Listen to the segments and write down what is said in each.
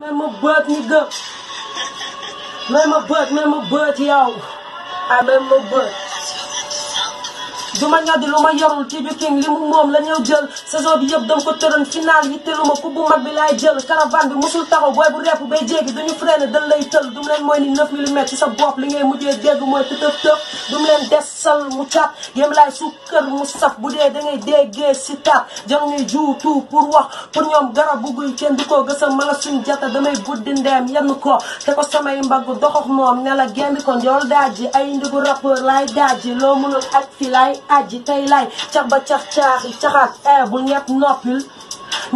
Man, my butt, nigga. Man, my butt, man, my butt, yo. I man, my butt. du ma ñoddi lu ma yorul ti bi king li mu moom la ñëw jël saison bi yëpp dama ko tëroon final yi tëlu ma ku bu mag bi laay jël caravane bi musul taxaw booy bu repp bay jéegi duñu freiné dal lay tël dum leen mooy ni 9 millimètres ci sa bopp li ngay mujjee dégg mooy tëtëf tëf dum leen des sal mu cat yém laay sukkër mu saf bu dee da ngay déggee si tat jam ñuy juu tout pour wax pour ñoom garab bu guy kenn du ko gësam mala suñ jata damay buddi ndeem yenn ko te ko samay mbagg doxox moom ne la genn kon yool daaj ji ay ndigu rappeur laay daaj ji loo mënul ak fi aji tey lay cax ba cax caaxi caxaat air bu ñet noppil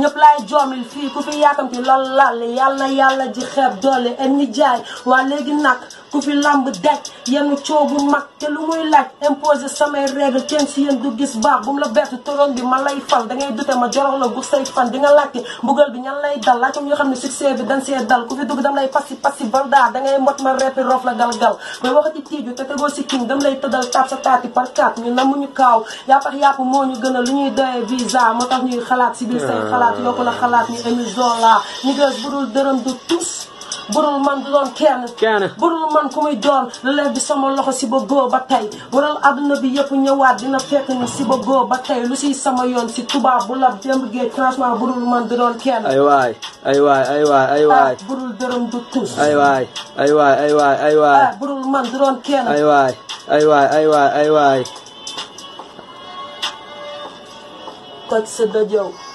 ñëpp laay joomil fii ku fi yaakamti lal lal yàlla yàlla ji xeeb doole en ni waa léegi nag ku fi làmb daj yenu coow bu mag te lu muy laaj imposé samay règle kenn si yéen du gis baax bu mu la bett toroon ma lay fal da ngay dute ma jorox la gu say fan di nga laajte mbugal bi ñan lay dal laajte ñoo xam ne succès bi dañ see dal ku fi dugg dam lay passi passi baldaa da ngay mot ma reppi rof la gal-gal mais waxati tiiju te tegoo si kiñ dam lay tëddal taab sa taati par kaat ñu namuñu kaaw yaa tax yàpp moo ñu gën a lu ñuy doyee visa moo tax ñu émission budul man du doon kenn budul man ku doon leer sama loxo si ba góo ba tey waral adduna bi yëpp ñëwaat dina fekk ni si ba góo lu siy sama yoon si tubaab bu lab démb géej franchement budul man du doon kenn ay waay ay waay ay waay ay waay budul ay waay ay waay